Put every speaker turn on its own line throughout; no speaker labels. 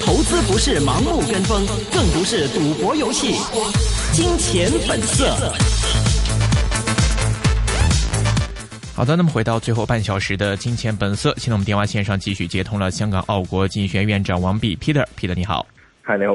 投資不是盲目跟風，更不是賭博遊戲。金錢本色。好的，那麼回到最後半小時的《金錢本色》，現在我們電話線上繼續接通了香港奧國經濟學院長王弼 Peter，Peter 你好，嗨你好。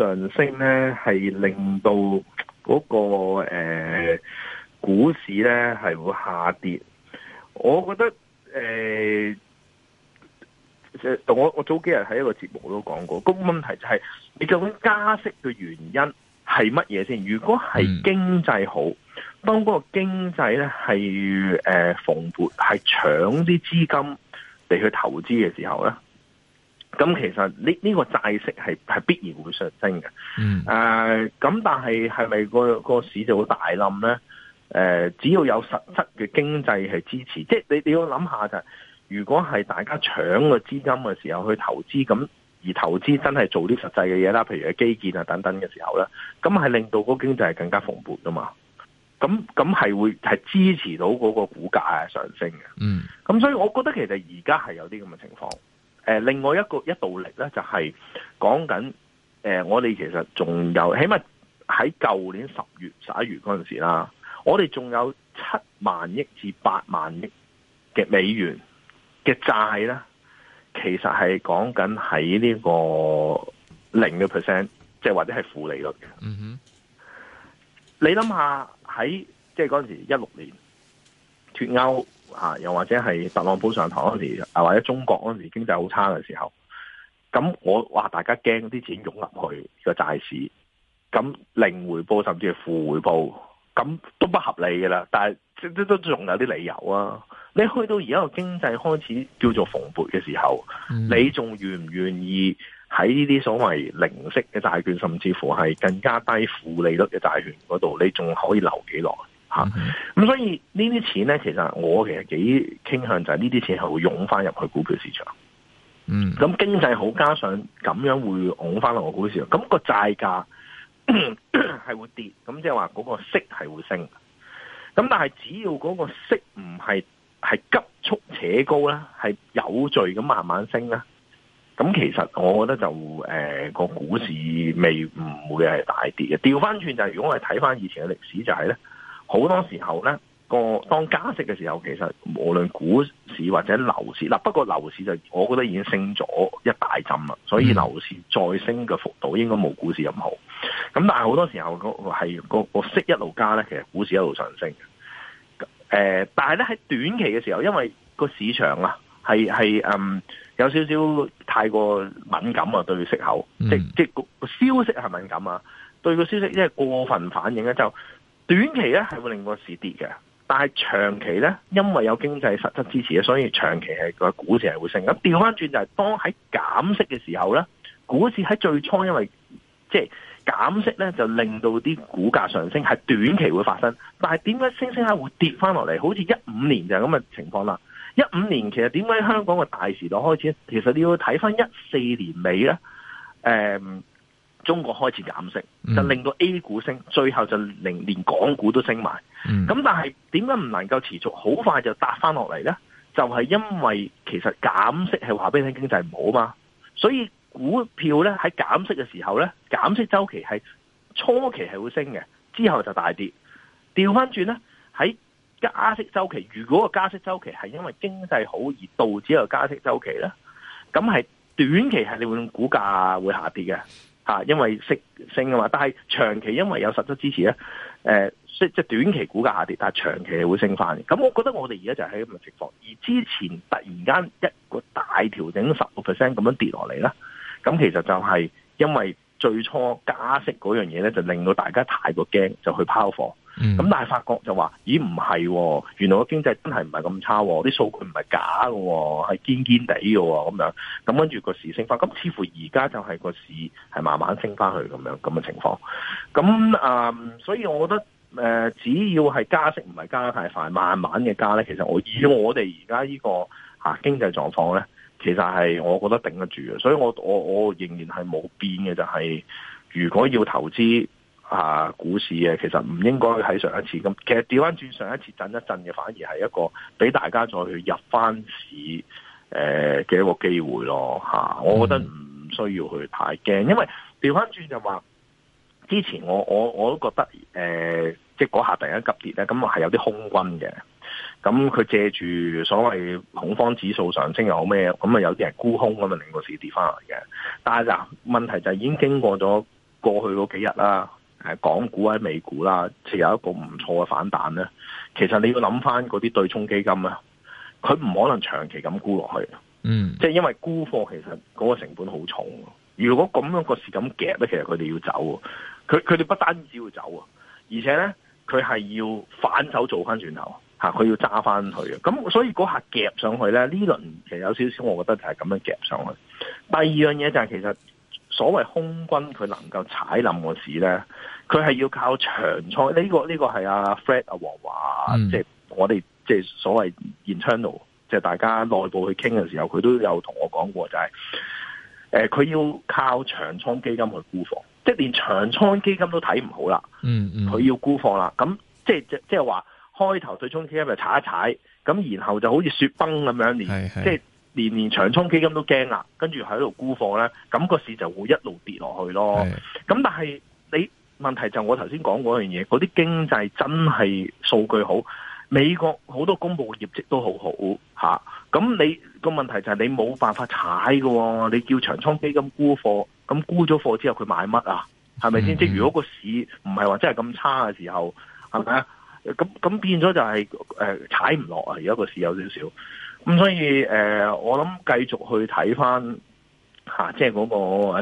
上升咧，係令到嗰、那個誒、呃、股市咧係會下跌。我覺得誒、呃，我我早幾日喺一個節目都講過。咁、那個、問題就係、是，你究竟加息嘅原因係乜嘢先？如果係經濟好，當嗰個經濟咧係誒蓬勃，係搶啲資金嚟去投資嘅時候咧？咁其實呢呢個債息係係必然會上升嘅，誒、嗯，咁、呃、但係係咪個個市就好大冧咧？誒、呃，只要有實質嘅經濟係支持，即、就、係、是、你哋要諗下就係、是，如果係大家搶個資金嘅時候去投資，咁而投資真係做啲實際嘅嘢啦，譬如係基建啊等等嘅時候咧，咁係令到嗰個經濟係更加蓬勃噶嘛，咁咁係會係支持到嗰個股價啊上升嘅，嗯，咁所以我覺得其實而家係有啲咁嘅情況。誒，另外一個一道力咧，就係講緊誒，我哋其實仲有，起碼喺舊年十月十一月嗰陣時啦，我哋仲有七萬億至八萬億嘅美元嘅債咧，其實係講緊喺呢個零嘅 percent，即係或者係負利率。嗯哼，你諗下喺即係嗰陣時一六年脫歐。脫歐又或者係特朗普上台嗰時，或者中國嗰時經濟好差嘅時候，咁我話大家驚啲錢湧入去個債市，咁零回報甚至係負回報，咁都不合理嘅啦。但係即都仲有啲理由啊！你去到而家個經濟開始叫做蓬勃嘅時候，你仲願唔願意喺呢啲所謂零息嘅債券，甚至乎係更加低負利率嘅債券嗰度，你仲可以留幾耐？吓，咁所以呢啲錢咧，其實我其實幾傾向就係呢啲錢係會湧翻入去股票市場。嗯，咁經濟好，加上咁樣會拱翻落個股市場，咁、個債價係會跌，咁即係話嗰個息係會升。咁但係只要嗰個息唔係係急速扯高咧，係有序咁慢慢升啦。咁其實我覺得就誒、呃個股市未唔會係大跌嘅。調翻轉就係、係，如果我哋睇翻以前嘅歷史、就係，就係咧。好多時候咧，個當加息嘅時候，其實無論股市或者樓市，嗱，不過樓市就我覺得已經升咗一大浸啦，所以樓市再升嘅幅度應該冇股市咁好。咁但係好多時候，是個係個息一路加咧，其實股市一路上升誒、呃，但係咧喺短期嘅時候，因為個市場啊，係係嗯有少少太過敏感啊，對息口，嗯、即即個消息係敏感啊，對個消息因為過分反應咧、啊、就。短期咧係會令個市跌嘅，但係長期咧，因為有經濟實質支持咧，所以長期係個股市係會升。咁調翻轉就係當喺減息嘅時候咧，股市喺，就是，最初因為即係減息咧，就令到啲股價上升，係短期會發生。但係點解升升下會跌翻落嚟？好似一五年就係咁嘅情況啦。一五年其實點解香港嘅大時代開始呢？其實你要睇翻一四年尾咧，誒、嗯。中國開始減息，就令到 A 股升，最後就連連港股都升埋。咁但係點解唔能夠持續？好快就搭翻落嚟呢？就係因為其實減息係話俾你聽經濟唔好嘛。所以股票咧喺減息嘅時候咧，減息周期係初期係會升嘅，之後就大跌。調翻轉咧，喺加息周期，如果個加息周期係因為經濟好而導致個加息周期咧，咁係短期係你會用股價會下跌嘅。啊，因為升升啊嘛，但係長期因為有實質支持咧，誒、呃、即係短期股價下跌，但係長期係會升翻。咁我覺得我哋而家就係咁嘅情況。而之前突然間一個大調整十個 percent 咁樣跌落嚟啦。咁其實就係因為最初加息嗰樣嘢咧，就令到大家太過驚，就去拋貨。咁、嗯、但係發覺就話，咦唔係、哦，原來個經濟真係唔係咁差、哦，啲數據唔係假噶、哦，係堅堅地喎。咁樣，咁跟住個市升翻，咁似乎而家就係個市係慢慢升翻去咁樣咁嘅情況。咁啊、嗯，所以我覺得誒、呃，只要係加息唔係加得太快，慢慢嘅加咧，其實我以我哋而家呢個吓經濟狀況咧，其實係我覺得頂得住嘅。所以我，我我我仍然係冇變嘅，就係、是、如果要投資。啊，股市嘅其實唔應該喺上一次咁，其實調翻轉上一次震一震嘅，反而係一個俾大家再去入翻市誒嘅、呃、一個機會咯嚇。我覺得唔需要去太驚，因為調翻轉就話之前我我我都覺得誒、呃，即嗰下突然間急跌咧，咁、嗯、係有啲空軍嘅。咁佢借住所謂恐慌指數上升又好咩，咁、嗯、啊、嗯、有啲人沽空咁啊令個市跌翻嚟嘅。但係嗱、嗯、問題就係已經經過咗過去嗰幾日啦。誒港股啊、美股啦，即有一個唔錯嘅反彈咧。其實你要諗翻嗰啲對沖基金咧，佢唔可能長期咁沽落去，嗯，即係因為沽貨其實嗰個成本好重。如果咁樣個市咁夾咧，其實佢哋要走，佢佢哋不單止要走，而且咧佢係要反手做翻轉頭嚇，佢要揸翻佢嘅。咁所以嗰下夾上去咧，呢輪其實有少少，我覺得就係咁樣夾上去。第二樣嘢就係其實。所謂空軍佢能夠踩冧個市咧，佢係要靠長倉。呢、這個呢、這個係阿、啊、Fred 阿黃話，即、嗯、係、就是、我哋即係所謂 internal，即係大家內部去傾嘅時候，佢都有同我講過，就係誒佢要靠長倉基金去沽貨，即、就、係、是、連長倉基金都睇唔好啦。嗯嗯，佢要沽貨啦。咁即係即即係話開頭對沖基金就踩一踩，咁然後就好似雪崩咁樣嚟，即係。年年長倉基金都驚啊，跟住喺度沽貨咧，咁、個市就會一路跌落去咯。咁但係你問題就我頭先講嗰樣嘢，嗰啲經濟真係數據好，美國好多公佈嘅業績都好好嚇。咁、啊、你、個問題就係你冇辦法踩㗎喎、哦，你叫長倉基金沽貨，咁沽咗貨之後佢買乜啊？係咪先？嗯嗯即係如果個市唔係話真係咁差嘅時候，係咪、就是呃、啊？咁咁變咗就係誒踩唔落啊！而家個市有少少。咁所以誒、呃，我諗繼續去睇翻吓，即係嗰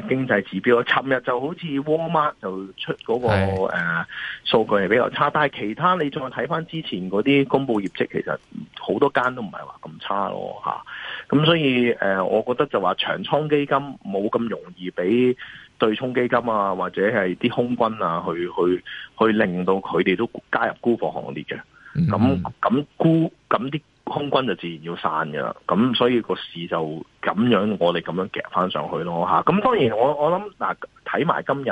個經濟指標。尋日就好似 Walmart 就出嗰、嗰個誒數、呃、據係比較差，但係其他你再睇翻之前嗰啲公佈業績，其實好多間都唔係話咁差咯吓。咁、啊、所以誒、呃，我覺得就話長倉基金冇咁容易俾對沖基金啊，或者係啲空軍啊去去去令到佢哋都加入沽貨行列嘅。咁咁沽咁啲。空軍就自然要散噶啦，咁所以個市就咁樣，我哋咁樣夾翻上去咯吓。咁當然我，我我諗嗱，睇埋今日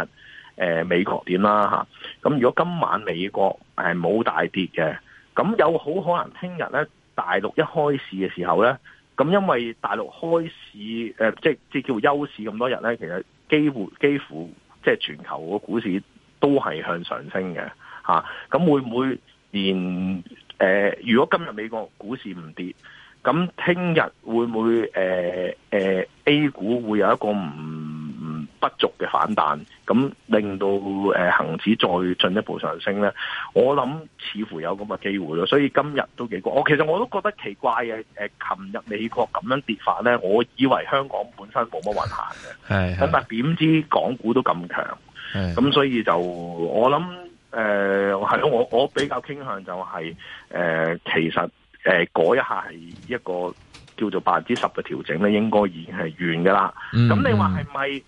誒美國點啦吓。咁、啊、如果今晚美國係冇大跌嘅，咁有好可能聽日咧，大陸一開市嘅時候咧，咁因為大陸開市誒、呃，即係即叫休市咁多日咧，其實幾乎幾乎即係全球個股市都係向上升嘅吓。咁、啊、會唔會連？誒、呃，如果今日美國股市唔跌，咁聽日會唔會誒誒、呃呃、A 股會有一個唔唔不足嘅反彈，咁令到誒恒指再進一步上升咧？我諗似乎有咁嘅機會咯，所以今日都幾怪我其實我都覺得奇怪嘅。誒、呃，琴日美國咁樣跌法咧，我以為香港本身冇乜運行嘅，係咁，但點知港股都咁強，咁所以就我諗。誒係咯，我我比較傾向就係、是、誒、呃，其實誒嗰、呃、一下係一個叫做百分之十嘅調整咧，應該已經係完㗎喇。咁、嗯、你話係咪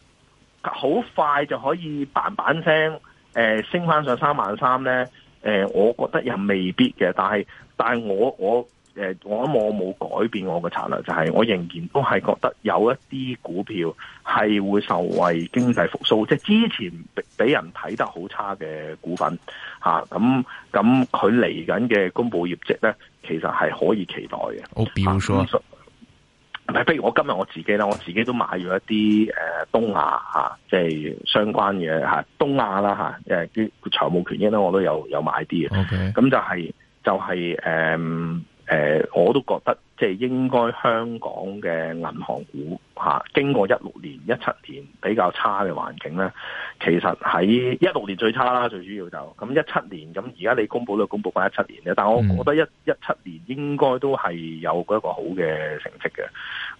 好快就可以嘭嘭聲誒、呃、升翻上三萬三咧？誒、呃，我覺得又未必嘅，但係但係我我。我誒，我諗我冇改變我嘅策略，就係、是、我仍然都係覺得有一啲股票係會受惠經濟復甦，即、就、係、是、之前俾人睇得好差嘅股份吓，咁咁佢嚟緊嘅公布業績咧，其實係可以期待嘅。好、啊，比如我今日我自己啦，我自己都買咗一啲誒，東亞吓，即、就、係、是、相關嘅吓，東亞啦吓，誒啲財務權益咧，我都有有買啲嘅。咁、okay. 就係、是、就係、是、誒。嗯呃、我都覺得即係應該香港嘅銀行股、啊、經過一六年、一七年比較差嘅環境咧，其實喺一六年最差啦，最主要就咁一七年，咁而家你公佈都公佈翻一七年嘅，但係我覺得一一七年應該都係有嗰一個好嘅成績嘅，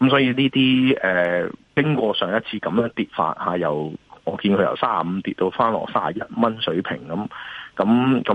咁所以呢啲誒經過上一次咁樣跌法下、啊，又我見佢由三十五跌到翻落三十一蚊水平咁。咁咁，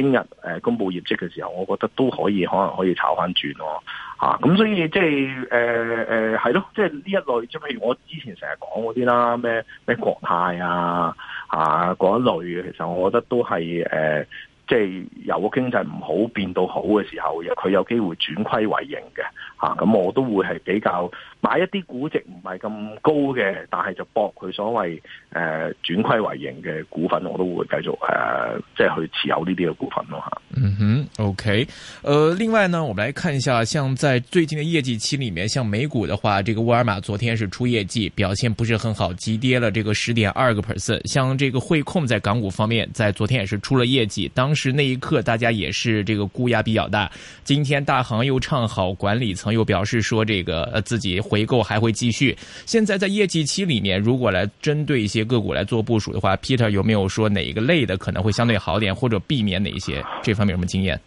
聽日誒公佈業績嘅時候，我覺得都可以，可能可以炒翻轉咯、啊，咁、啊、所以即係誒誒，係、就、咯、是，即係呢一類，即係譬如我之前成日講嗰啲啦，咩咩國泰啊嗰、啊、一類，其實我覺得都係誒。呃即係由個經濟唔好變到好嘅時候，佢有機會轉虧為盈嘅吓，咁、啊、我都會係比較買一啲估值唔係咁高嘅，但係就博佢所謂誒轉虧為盈嘅股份，我都會繼續誒即係去持有呢啲嘅股份咯吓、
啊。嗯哼，OK，誒、呃，另外呢，我們來看一下，像在最近嘅業績期裏面，像美股嘅話，這個沃爾瑪昨天是出業績，表現不是很好，急跌了這個十點二個 percent。像這個匯控在港股方面，在昨天也是出了業績，當。是那一刻，大家也是這個估壓比較大。今天大行又唱好，管理層又表示說，這個自己回購還會繼續。現在在業績期裏面，如果來針對一些個股來做部署的話，Peter 有沒有說哪一個類的可能會相對好點，或者避免哪一些？這方面有什麼經驗、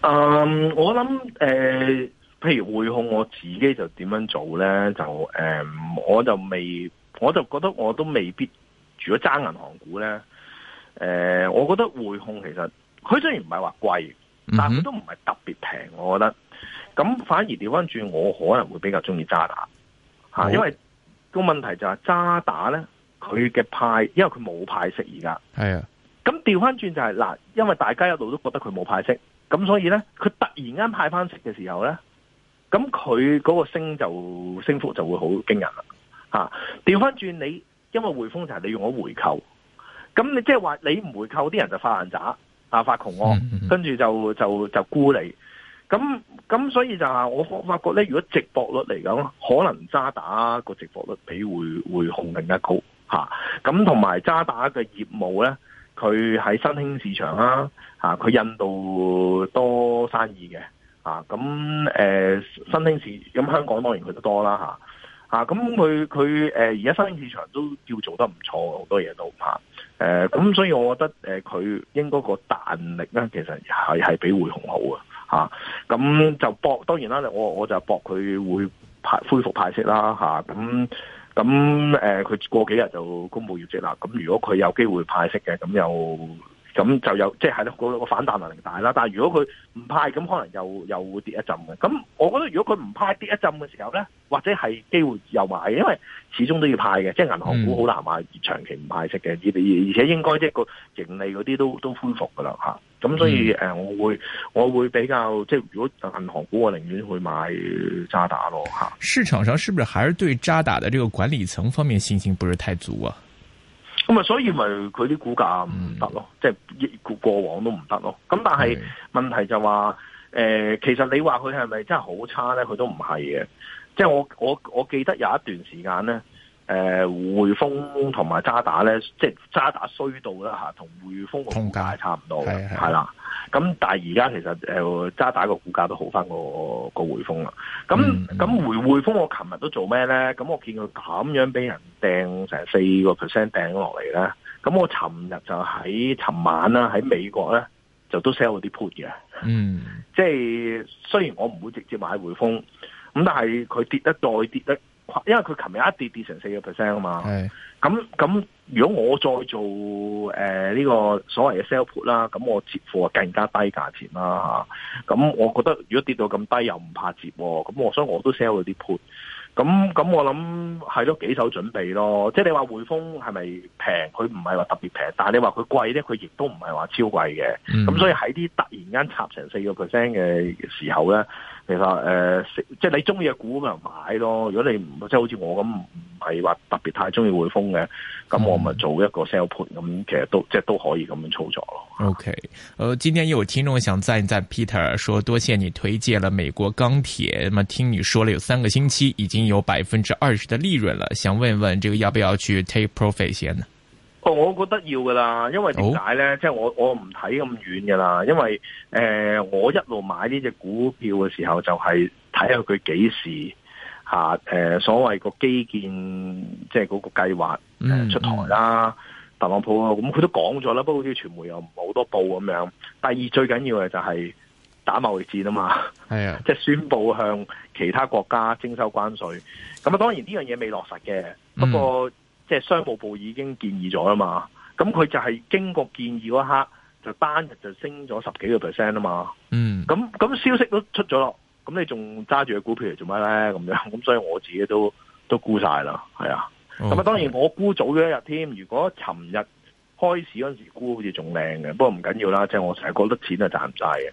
呃？嗯，我諗，誒、呃，譬如匯控，我自己就點樣做咧？就誒、呃，我就未，我就覺得我都未必，除咗揸銀行股咧。誒、呃，我覺得匯控其實佢雖然唔係話貴，但係佢都唔係特別平，我覺得。咁反而調翻轉，我可能會比較中意渣打吓，因為個問題就係、是、渣打咧，佢嘅派，因為佢冇派息而家。係啊。咁調翻轉就係、是、嗱，因為大家一路都覺得佢冇派息，咁所以咧，佢突然間派翻息嘅時候咧，咁佢嗰個升就升幅就會好驚人啦。吓、啊，調翻轉你，因為滙豐就係你用咗回購。咁你即係話你唔回扣啲人就發爛渣啊發窮、啊、跟住就就就沽你。咁咁所以就係我發發覺咧，如果直播率嚟講，可能渣打個直播率比會滙控更加高吓。咁同埋渣打嘅業務咧，佢喺新興市場啦、啊、吓，佢、啊、印度多生意嘅咁誒新興市咁香港當然佢都多啦吓吓。咁佢佢誒而家新興市場都叫做得唔錯，好多嘢都唔誒、呃，咁所以我覺得誒，佢、呃、應該個彈力咧，其實係係比匯控好啊，吓，咁就搏，當然啦，我我就搏佢會派恢復派息啦，吓、啊，咁咁誒，佢、呃、過幾日就公布業績啦，咁如果佢有機會派息嘅，咁又。咁就有即係咯，個、就、個、是、反彈能力大啦。但係如果佢唔派，咁可能又又會跌一浸嘅。咁我覺得如果佢唔派跌一浸嘅時候咧，或者係機會又買，因為始終都要派嘅，即、就、係、是、銀行股好難買長期唔派息嘅，而、嗯、而且應該即係個盈利嗰啲都都恢復噶啦吓。咁、嗯、所以誒，我會我會比較即係、就是、如果銀行股，我寧願去買渣
打咯吓。市場上是不是還是對渣打的這個管理層方面信心不是太足啊？
咁、嗯、所以咪佢啲股價唔得咯，即係過往都唔得咯。咁但係問題就話，誒、呃，其實你話佢係咪真係好差咧？佢都唔係嘅。即係我我我記得有一段時間咧。誒、呃、匯豐同埋渣打咧，即係渣打衰到啦嚇，同匯豐個股價係差唔多嘅，係啦。咁但係而家其實、呃、渣打股價、那個股價都好翻個個匯豐啦。咁咁匯匯豐我琴日都做咩咧？咁我見佢咁樣俾人掟成四個 percent 掟落嚟咧。咁我尋日就喺尋晚啦，喺美國咧就都 sell 嗰啲 put 嘅。嗯，即係雖然我唔會直接買匯豐，咁但係佢跌得再跌得。因為佢琴日一跌跌成四個 percent 啊嘛，咁咁如果我再做誒呢、呃呢個所謂嘅 sell put 啦，咁我接貨更加低價錢啦。咁我覺得如果跌到咁低又唔怕接，啊，咁我所以我都 sell 咗啲 put。咁咁我諗係都幾手準備咯。即係你話匯豐係咪平？佢唔係話特別平，但係你話佢貴咧，佢亦都唔係話超貴嘅。咁、嗯、所以喺啲突然間插成四個 percent 嘅時候咧。其實誒、呃，即係你中意嘅股咪買咯。如果你唔即係好似我咁唔係話特別太中意匯豐嘅，咁我咪做一個 sell 盤。u、嗯、咁，其實都即係都可以咁樣操作咯。
OK，誒、呃，今天又有聽眾想讚一讚 Peter，說多謝你推介了美國鋼鐵，咁啊聽你說了有三個星期，已經有百分之二十的利潤了，想問問這個要不要去 take profit 先呢？
我覺得要噶啦，因為點解咧？即係我我唔睇咁遠噶啦，因為誒、呃、我一路買呢隻股票嘅時候，就係睇下佢幾時嚇誒、啊呃、所謂個基建即係嗰個計劃、呃、出台啦、嗯。特朗普啊，咁、嗯、佢都講咗啦，不過好似傳媒又唔好多報咁樣。第二最緊要嘅就係打貿易戰啊嘛，啊，即係宣布向其他國家徵收關稅。咁、嗯、啊，當然呢樣嘢未落實嘅，不過，嗯。即係商務部已經建議咗啦嘛，咁佢就係經過建議嗰一刻，就單日就升咗十幾個 percent 啊嘛，嗯、mm.，咁咁消息都出咗，咁你仲揸住個股票嚟做乜咧？咁樣，咁所以我自己都都沽晒啦，係啊，
咁、okay. 啊當然我
沽早咗一日添，如果尋日。開始嗰陣時沽好似仲靚嘅，不過唔緊要啦，即係我成日覺得錢啊賺唔晒嘅，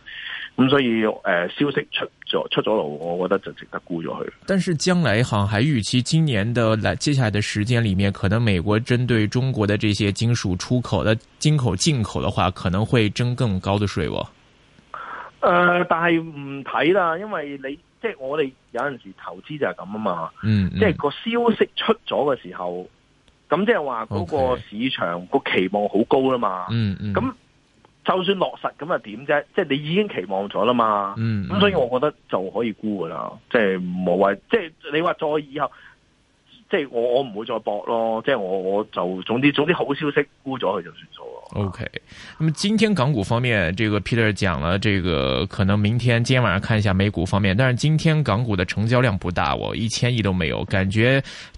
咁所以誒、呃、消息出咗出咗爐，我覺得就值得沽咗佢。
但是將來行還預期今年的來接下來的時間裏面，可能美國針對中國的這些金屬出口的進口進口的話，可能會徵更高的稅喎、
哦呃。但係唔睇啦，因為你即係我哋有陣時投資就係咁啊嘛，嗯,嗯，即係個消息出咗嘅時候。咁即係話嗰個市場個期望好高啦嘛，咁、okay, 就算落實咁又點啫？即係、就是、你已經期望咗啦嘛，咁、嗯、所以我覺得就可以估噶啦。即係無謂，即、就、係、是就是、你話再以後，即、就、係、是、我我唔會再搏咯。即、就、係、是、我我就總之總之好消息估咗佢就算數。
O、okay, K，那今天港股方面，這個 Peter 講了，這個可能明天今天晚上看一下美股方面。但係今天港股的成交量不大，我一千億都沒有，感覺。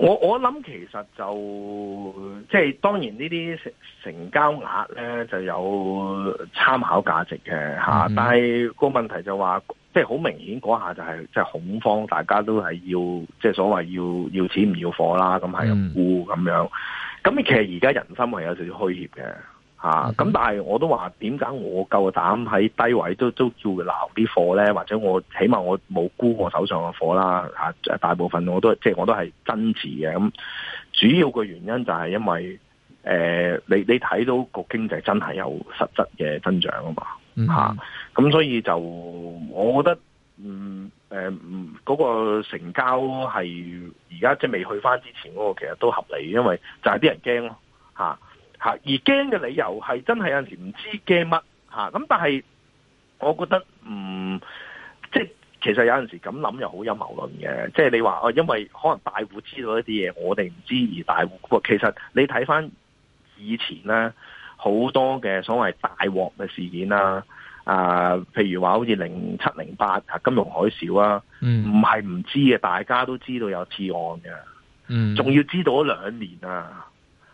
我我諗其實就即係、就是、當然呢啲成成交額咧就有參考價值嘅吓、嗯，但係個問題就話即係好明顯嗰下就係即係恐慌，大家都係要即係、就是、所謂要要錢唔要貨啦，咁係咁沽，咁樣，咁其實而家人心係有少少虛怯嘅。吓、啊、咁，但係我都話點解我夠膽喺低位都都叫佢留啲貨咧，或者我起碼我冇沽我手上嘅貨啦吓，大部分我都即係我都係增持嘅咁、啊。主要嘅原因就係因為誒、呃，你你睇到個經濟真係有實質嘅增長啊嘛吓，咁、嗯啊、所以就我覺得嗯誒嗰、呃那個成交係而家即係未去翻之前嗰個，其實都合理，因為就係啲人驚咯吓。啊。吓，而驚嘅理由係真係有陣時唔知驚乜吓，咁但係我覺得唔、嗯、即係，其實有陣時咁諗又好陰謀論嘅，即係你話哦，因為可能大戶知道一啲嘢，我哋唔知而大戶，其實你睇返以前咧，好多嘅所謂大鑊嘅事件啦，啊、呃，譬如話好似零七零八啊，金融海嘯啊，唔係唔知嘅，大家都知道有次按嘅，仲要知道咗兩年啊，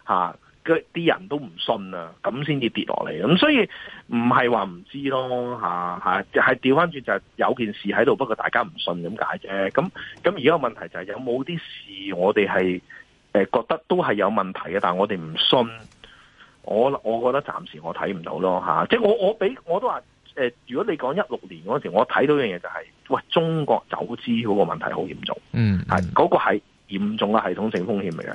吓。啲人都唔信啊，咁先至跌落嚟。咁所以唔係話唔知咯，吓吓，就係調翻轉就係有件事喺度，不過大家唔信咁解啫。咁咁而家個問題就係有冇啲事我哋係誒覺得都係有問題嘅，但係我哋唔信。我我覺得暫時我睇唔到咯，吓，即係我我俾我都話誒，如果你講一六年嗰陣時，我睇到樣嘢就係喂，中國走資嗰個問題好嚴重，嗯，係嗰個係嚴重嘅系統性風險嚟嘅。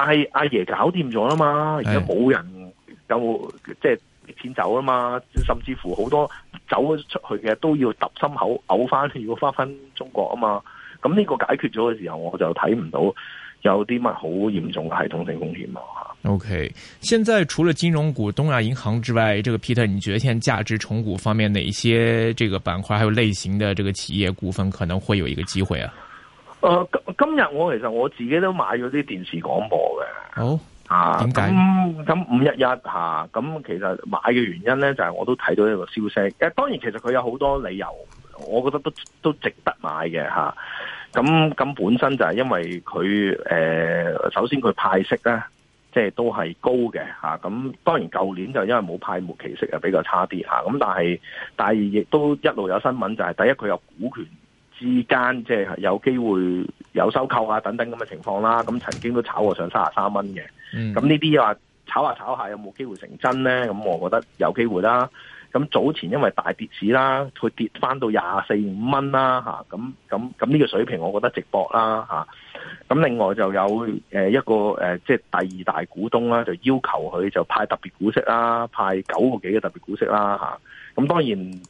但係阿爺搞掂咗啊嘛，而家冇人有即係錢走啊嘛，甚至乎好多走咗出去嘅都要揼心口嘔翻，要翻翻中國啊嘛。咁、這、呢個解決咗嘅時候，我就睇唔到有啲乜好嚴重嘅系統性風險咯。
O、okay, K，現在除了金融股、東亞銀行之外，這個 Peter，你覺得現在價值重估方面，哪一些這個板塊，還有類型的這個企業股份，可能會有一個機會啊？誒、呃，
今日我其實我自己都買咗啲電視廣播嘅，好、哦、啊，點解，咁咁五一一吓，咁其實買嘅原因咧就係、是、我都睇到一個消息，一、啊、當然其實佢有好多理由，我覺得都都值得買嘅吓，咁、啊、咁本身就係因為佢誒、呃，首先佢派息咧，即係都係高嘅吓，咁、啊、當然舊年就因為冇派末期息啊，比較差啲吓，咁、啊、但係但係亦都一路有新聞就係、是、第一佢有股權。之間即係有機會有收購啊等等咁嘅情況啦，咁曾經都炒過上三十三蚊嘅。咁呢啲話炒下炒下有冇機會成真呢？咁我覺得有機會啦。咁早前因為大跌市啦，佢跌翻到廿四五蚊啦嚇。咁咁咁呢個水平，我覺得值博啦嚇。咁另外就有一個即係、呃即係、第二大股東啦，就要求佢就派特別股息啦，派九個幾嘅特別股息啦嚇。咁當然。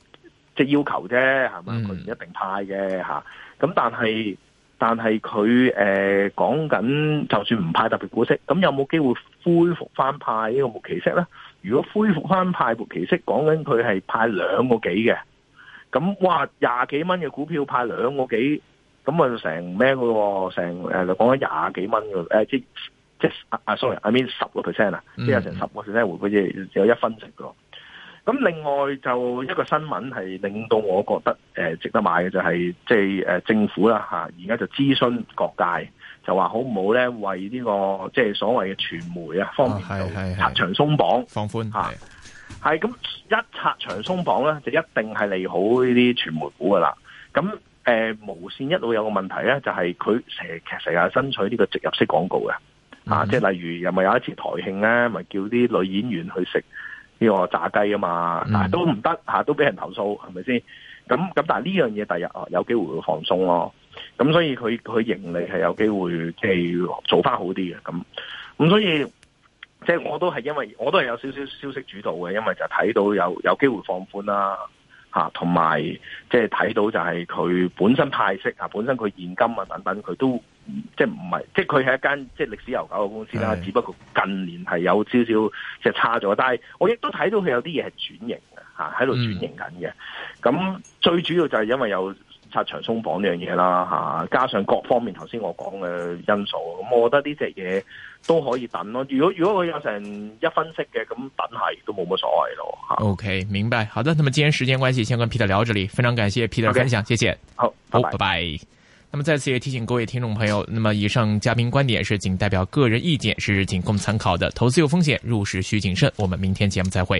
即係要求啫，係嘛？佢唔一定派嘅嚇。咁、嗯啊、但係但係佢誒講緊，就算唔派特別股息，咁有冇機會恢復翻派呢個末期息咧？如果恢復翻派末期息，講緊佢係派兩個幾嘅，咁哇廿幾蚊嘅股票派兩個幾，咁咪成咩嘅喎？成就、啊、講緊廿幾蚊嘅誒，即即啊 sorry，I mean 十個 percent 啊，即係成十個 percent 回報，只有一分值嘅。咁另外就一個新聞係令到我覺得誒、呃、值得買嘅就係即係誒政府啦吓，而、啊、家就諮詢各界，就話好唔好咧為呢、這個即係、就是、所謂嘅傳媒啊方面到拆牆鬆綁放寬吓，係、啊、咁一拆牆鬆綁咧就一定係利好呢啲傳媒股噶啦。咁誒、呃、無綫一路有一個問題咧，就係佢成其實成日爭取呢個植入式廣告嘅吓、嗯啊，即係例如又咪有一次台慶咧，咪叫啲女演員去食。呢、這個炸雞啊嘛，但係都唔得吓，都俾人投訴，係咪先？咁咁但係呢樣嘢第日哦，有機會會放鬆咯。咁所以佢佢盈利係有機會即係、就是、做翻好啲嘅。咁咁所以即係、就是、我都係因為我都係有少少消息主導嘅，因為就睇到有有機會放寬啦。啊，同埋即係睇到就係佢本身派息啊，本身佢現金啊等等，佢都即係唔係，即係佢係一間即係歷史悠久嘅公司啦。只不過近年係有少少即係差咗，但係我亦都睇到佢有啲嘢係轉型嘅嚇，喺、啊、度轉型緊嘅。咁、嗯啊、最主要就係因為有。拆牆鬆綁呢樣嘢啦，吓，加上各方面頭先我講嘅因素，咁我覺得呢隻嘢都可以等咯。如果如果佢有成一分析嘅，咁等係都冇乜所謂咯。
OK，明白，好的。那麼既然時間關係，先跟 Peter 聊到這裏，非常感謝 Peter 嘅分享，okay, 謝謝。好，好、oh，拜拜。那麼再次也提醒各位聽眾朋友，那麼以上嘉賓觀點是僅代表個人意見，是僅供參考的。投資有風險，入市需謹慎。我們明天節目再會。